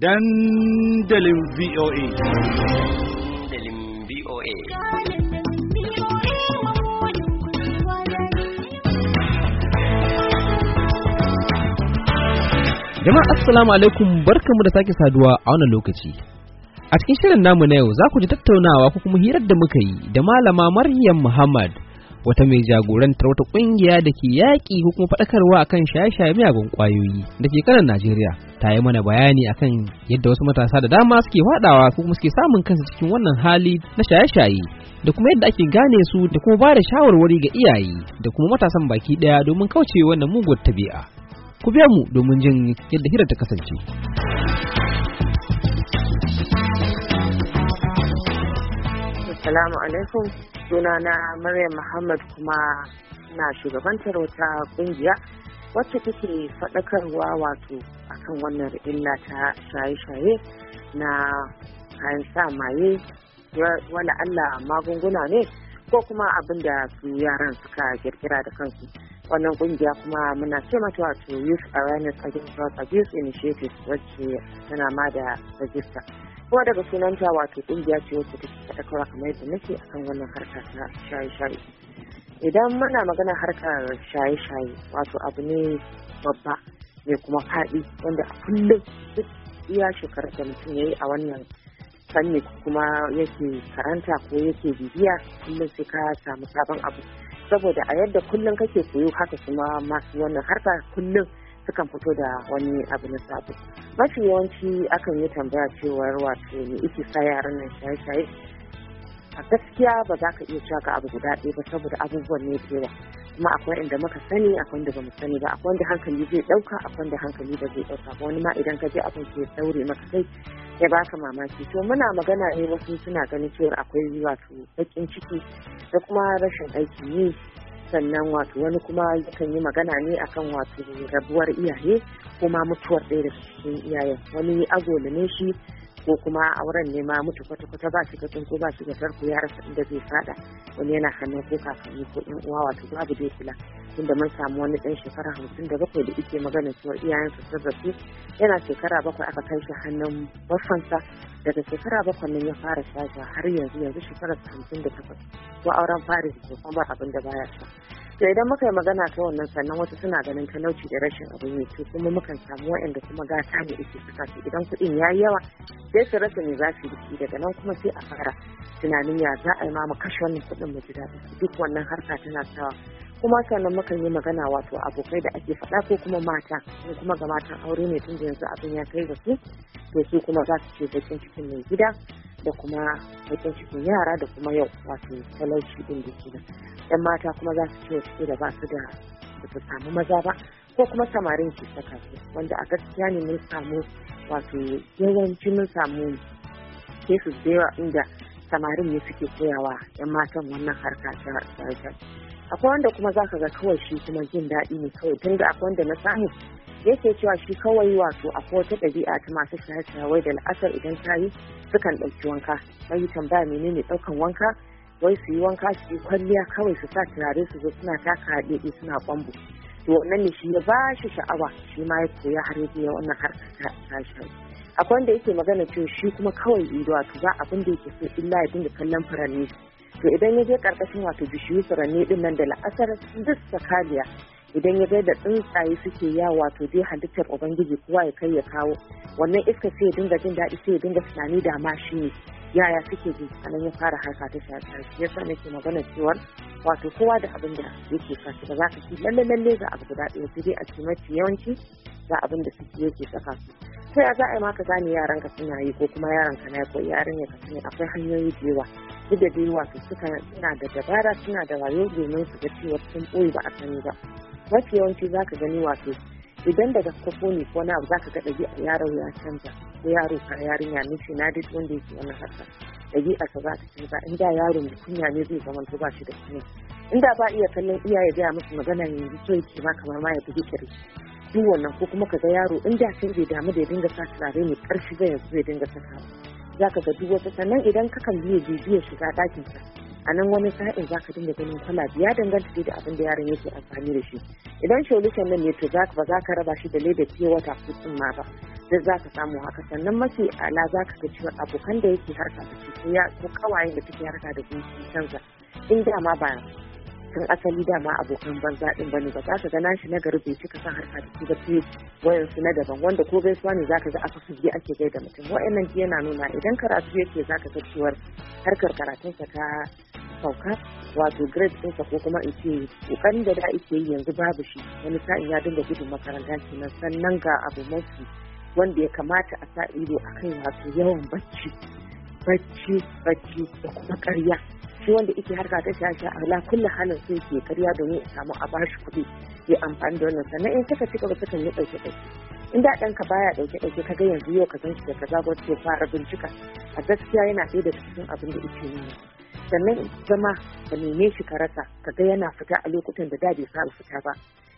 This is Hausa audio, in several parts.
dandalin VOA. Dandalin VOA. Jama'a Assalamu alaikum barkamu da sake saduwa a wannan lokaci. A cikin shirin namu na yau za ku ji tattaunawa ko kuma hirar da muka yi da malama Maryam Muhammad wata mai jagorantar wata kungiya da ke yaƙi ko kuma faɗakarwa akan shaye-shaye miyagun ƙwayoyi da ke kanan Najeriya ta yi mana bayani akan yadda wasu matasa da dama suke faɗawa ko kuma suke samun kansu cikin wannan hali na shaye-shaye da kuma yadda ake gane su da kuma ba da shawarwari ga iyaye da kuma matasan baki ɗaya domin kauce wannan muguwar tabi'a. Ku biya mu domin jin yadda hira ta kasance. Assalamu alaikum sunana Maryam Muhammad kuma na shugabantar wata kungiya wacce take faɗakarwa wato akan wannan illa ta shaye-shaye na kayan sa maye wala Allah magunguna ne ko kuma abin da su yaran suka kirkira da kansu wannan kungiya kuma muna ce mata wato youth awareness against drug abuse initiative wacce tana ma da rajista kuma daga sunanta wato kungiya ce wacce take faɗakarwa kamar yadda nake kan wannan harka ta shaye-shaye idan muna magana harkar shaye-shaye wato abu ne babba mai kuma faɗi wanda a kullum duk iya shekarar da mutum ya yi a wannan fanni kuma yake karanta ko yake bibiya kullum sai ka samu sabon abu saboda a yadda kullum kake koyo haka kuma masu wannan harka kullum sukan fito da wani abu na sabo mafi yawanci akan yi tambaya cewar wato ne ike sa yaran nan shaye-shaye a gaskiya ba za ka iya cewa abu guda ɗaya ba saboda abubuwan ne ke kuma akwai inda muka sani akwai inda mu sani ba akwai inda hankali zai ɗauka akwai inda hankali ba zai ɗauka ba wani ma idan ka je abin ke saure maka sai ya baka mamaki to muna magana ne wasu suna ganin cewa akwai wato baƙin ciki da kuma rashin aiki yi sannan wato wani kuma yakan yi magana ne akan wato rabuwar iyaye kuma mutuwar ɗaya da cikin iyayen wani agoli ne shi ko kuma auren ne ma mutu kwata-kwata ba shi gatun ko ba shi gatar ko ya rasa inda zai fada wani yana hannun ko kakanni ko yan uwa wato babu dai kula tunda mun samu wani ɗan shekara hamsin da bakwai da ike magana cewa iyayensa sun rasu yana shekara bakwai aka kai shi hannun baffansa daga shekara bakwai nan ya fara shaja har yanzu yanzu shekara hamsin da takwas ko auren fari da kuma ba abin da baya sha to idan muka yi magana ta wannan sannan wasu suna ganin talauci da rashin abin yi to kuma mukan samu waɗanda kuma gata ne ake suka su idan kuɗin ya yi yawa sai su rasa ne za su yi daga nan kuma sai a fara tunanin ya za a yi ma mu kashe wannan kuɗin mu ji daɗi duk wannan harka tana sawa kuma sannan mukan yi magana wato abokai da ake faɗa ko kuma mata ko kuma ga matan aure ne tun da yanzu abin ya kai ga su to su kuma za su ce bakin cikin mai gida da kuma bakin cikin yara da kuma yau wato talauci din da da yan mata kuma za su ce su da ba su da ba su samu maza ba ko kuma samarin ke saka su wanda a gaskiya ne mun samu wato yawanci mun samu kesu da yawa inda samarin ne suke koyawa yan matan wannan harka ta akwai wanda kuma za ka ga kawai shi kuma jin daɗi ne kawai tun da akwai wanda na samu yake cewa shi kawai wato akwai wata ɗabi'a ta masu wai da la'asar idan ta yi sukan ɗauki wanka mai tambaya menene ɗaukan wanka wai su yi wanka su yi kwalliya kawai su sa turare su zo suna taka haɗe suna kwambu to wannan ne shi ya ba shi sha'awa shi ma ya koya har yadda ya wannan harka ta shi akwai wanda yake magana cewa shi kuma kawai ido wato ba abin da yake so illa ya dinga kallon furanni to idan ya je karkashin wato bishiyu furanni din nan da la'asar duk sakaliya idan ya gaida tsuntsaye suke ya wato dai halittar ubangiji kowa ya kai ya kawo wannan iska sai ya dinga jin daɗi sai ya dinga tunani da ma shi ne yaya suke ji nan ya fara harka ta shafi shi sa nake magana cewar wato kowa da abin da yake saka ba za ka ci lalle lalle ga guda ɗaya sai dai a ci mafi yawanci ga abin da suke yake saka su sai a za a yi maka gane yaranka suna yi ko kuma yaranka na ko yarinya ka sani akwai hanyoyi da yawa duk da dai wato suka suna da dabara suna da wayo domin su ga cewa sun ɓoye ba a sani ba mafi yawanci za ka gani wato idan daga kafo ne ko na za ka ga ɗabi'a yaro ya canza ko yaro ka yarinya nufi na duk wanda yake wani harka ɗabi'a a za ta canza in da yaro mai kunya ne zai zama ba shi da kunya in da ba iya kallon iyaye gaya musu magana yanzu so yake ma kamar ma ya bugi kare duk wannan ko kuma ka ga yaro in da sai bai damu da ya dinga sa turare mai ƙarfi zai yanzu zai dinga sakawa za ka ga duk wasu sannan idan ka kan biye jijiya shiga ɗakin a nan wani sa'in za ka dinga ganin kwala biya danganta da abin da yaron yake amfani da shi idan sholushan nan ne to za ba za ka raba shi da leda fiye wata ko tsumma ba da za ka samu haka sannan mafi ala za ka ga cewa abokan da yake harka da shi ko kawayen da take harka da su canza in dama ba tun asali dama abokan banza din bane ba za ka ga nashi na gari bai cika san harka da shi ba fiye wayansu na daban wanda ko gaisuwa ne zaka ga a fusuge ake gaida mutum wayannan ji yana nuna idan karatu yake zaka ga cewar harkar karatunsa ta sauka wato grade ɗinsa ko kuma in ce kokarin da da ake yi yanzu babu shi wani sa'in ya dinga gudun makaranta kenan sannan ga abu mafi wanda ya kamata a sa ido akan wato yawan bacci bacci bacci da kuma karya. shi wanda yake harka ta shashi a la kulli halin sai ke karya domin ya samu a bashi kuɗi ya amfani da wannan sannan in suka cika gaba suka yi ɗauke ɗauke in da ɗanka baya ɗauke ɗauke kaga yanzu yau ka san shi da kaza ko ce fara bincika a gaskiya yana ɗaya daga cikin abin da yake yi sannan zama ka neme shi ka rasa kaga yana fita a lokutan da da bai samu fita ba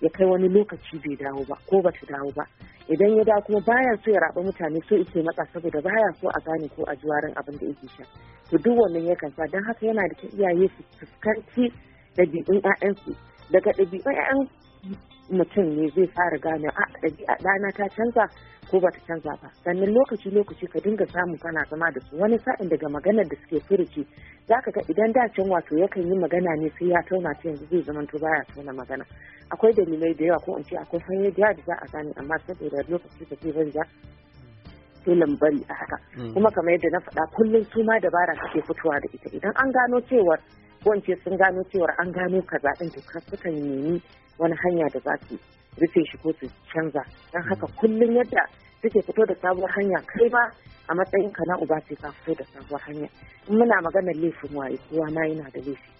ya kai wani lokaci bai dawo ba ko ba ta dawo ba idan ya dawo kuma baya so ya raba mutane so yake matsa saboda baya so a gane ko a juwarin abin da yake sha to duk wannan yakan sa don haka yana da iyaye su fuskanci ɗabi'un 'ya'yansu daga ɗabi'un 'ya'yan mutum ne zai fara gane ah, a ɗana ta canza ko ba ta canza ba sannan lokaci lokaci ka dinga samu kana zama da su wani sa'in daga maganar da suke furuci za ka ga idan da can wato yakan yi magana ne sai ya tauna ta yanzu zai zama to baya tauna magana akwai dalilai da yawa ko in ce akwai hanyoyi da da za a gane amma saboda lokaci da zai bari sai lambari a haka hmm. kuma kamar yadda na faɗa kullum su ma dabara suke fitowa da ita idan an gano cewar wance sun gano cewar an gano kaza din to sukan nemi wani hanya da za su rufe shi ko su canza don haka mm. kullum yadda suke fito da sabuwar hanya kai ba a matsayin ka uba sai ka fito da sabuwar hanya in muna maganar laifin waye kowa na yana da laifi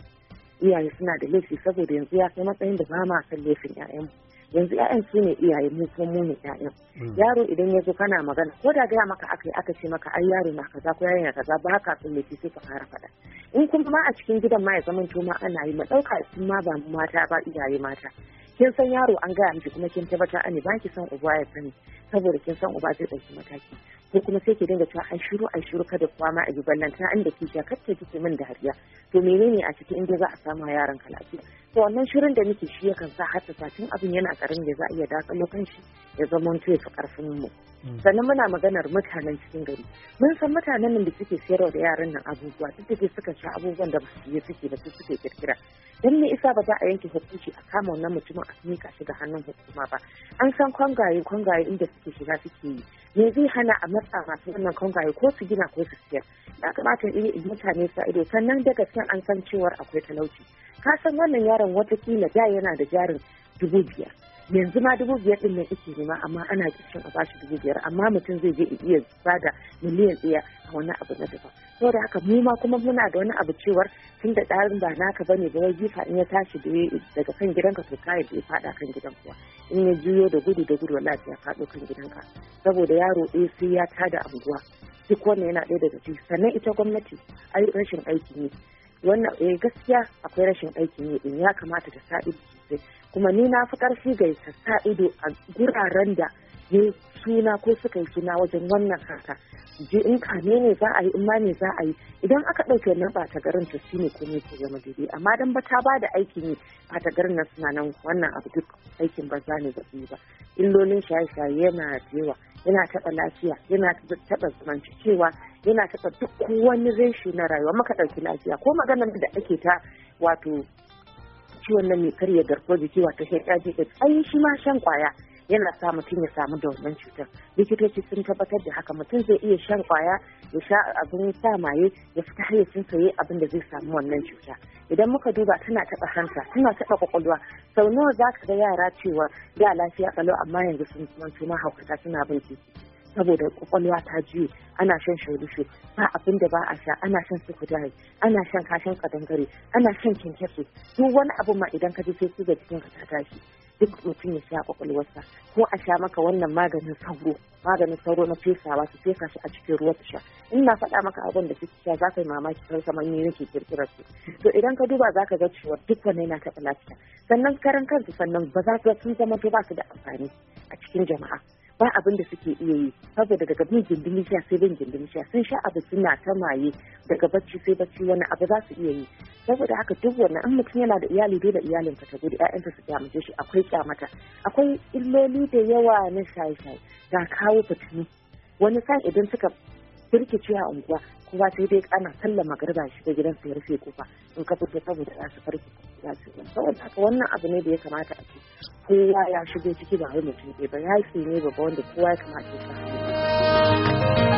iyaye suna da laifi saboda yanzu ya kai matsayin da ba ma san laifin 'ya'yanmu yanzu 'ya'yan su ne iyaye mu kuma mu ne ƴaƴan mm. yaro idan ya zo kana magana ko da gaya maka aka yi aka ce maka ai yaro na kaza ko yaro na kaza ba ka san laifi sai ka fara faɗa in kuma ma a cikin gidan ma ya zaman ma ana yi ma ɗauka sun ma ba mata ba iyaye mata kin san yaro an gaya miki kuma kin tabbata ani ba ki san uba ya sani saboda kin san uba zai ɗauki mataki ko kuma sai ki dinga cewa ai shiru ai shiru kada kuwa ma a yi ballan ta inda ki ja kacce kike min da hariya to menene a cikin inda za a samu yaran ka lafiya to wannan shirin da muke shi yakan sa ta tun abin yana karin da za a iya dakalo kanshi ya zama to ya fi karfin mu mm. sannan muna maganar mutanen cikin gari mun san mutanen nan da suke sayarwa da yaran nan abubuwa duk da suka sha abubuwan da basu su yi suke da su suke kirkira dan ne isa ba za a yanke hukunci a kama wannan mutumin a mika shi ga hannun hukuma ba an san kwangaye kwangaye inda suke shiga suke yi me zai hana a matsa masu wannan kwangaye ko su gina ko su siyar ya kamata mutane sa ido sannan daga gaskiya an san cewar akwai talauci ka san wannan yaron watakila da yana da jarin dubu biyar yanzu ma dubu biyar din nan ake nema amma ana kishin a bashi dubu biyar amma mutum zai je iya da miliyan ɗaya a wani abu na daban saboda haka mu ma kuma muna da wani abu cewar tun da tsarin ba naka bane ba wai jifa in ya tashi da daga kan gidanka to kai da ya fada kan gidan kuwa in ya juyo da gudu da gudu wallahi ya fado kan gidanka saboda yaro ɗaya sai ya tada anguwa duk wannan yana ɗaya daga ciki sannan ita gwamnati ai rashin aiki ne wannan eh gaskiya akwai rashin aikin yi in ya kamata ta sa ido sosai kuma ni na fi karfi ga ta sa ido a guraren da ya suna ko suka yi suna wajen wannan haka je in ka ne za a yi in ma ne za a yi idan aka ɗauke nan ba ta garin ta shine ko ne ke zama daidai amma dan ba ta bada aikin yi ba ta garin nan suna nan wannan abu duk aikin ba za ne ba su ba illolin shaye-shaye yana da yawa yana taɓa lafiya yana taɓa zamantakewa yana taɓa duk wani reshe na rayuwa maka ɗauki lafiya ko maganar da ake ta wato ciwon nan mai karya garkuwar jiki wato HIV ai shi ma shan kwaya yana sa mutum ya samu da wannan cutar likitoci sun tabbatar da haka mutum zai iya shan kwaya ya sha abin sa maye ya fita sun saye abin da zai samu wannan cuta idan muka duba tana taɓa hanta tana taɓa kwakwalwa sau nawa za ka ga yara cewa da lafiya kalau amma yanzu sun zama ma haukata suna bin titi saboda kwakwalwa ta jiyo, ana shan shailushe ba abin da ba a sha ana shan su kudari ana shan kashin kadangare ana shan kinkesu duk wani abu ma idan ka ji sai su ga cikin ka tashi duk mutum ya sha kwakwalwarsa ko a sha maka wannan maganin sauro maganin sauro na fesawa su fesa shi a cikin ruwa ta sha in na faɗa maka abin da suke sha za ka yi mamaki kar kamar manyan nake kirkirar su to idan ka duba za ka ga cewa duk wani na taɓa lafiya sannan karan kansu sannan ba za ka sun zama to ba su da amfani a cikin jama'a ba abin da suke iya yi saboda daga bin gindin sha sai bin gindin sha sun sha abu suna ta maye daga bacci sai bacci wani abu za su iya yi saboda haka duk wannan an mutum yana da iyali dole iyalin ka ta gudu ƴaƴanta su kyamace shi akwai kyamata akwai illoli da yawa na shaye-shaye ga kawo fitini wani san idan suka birkice a unguwa kowa sai dai ana sallama magariba shi da gidan sai rufe kofa in ka fita saboda za su farki za su yi saboda haka wannan abu ne da ya kamata a ce kowa ya shigo ciki ba wai mutum ba ya ne babba wanda kowa ya kamata ya sa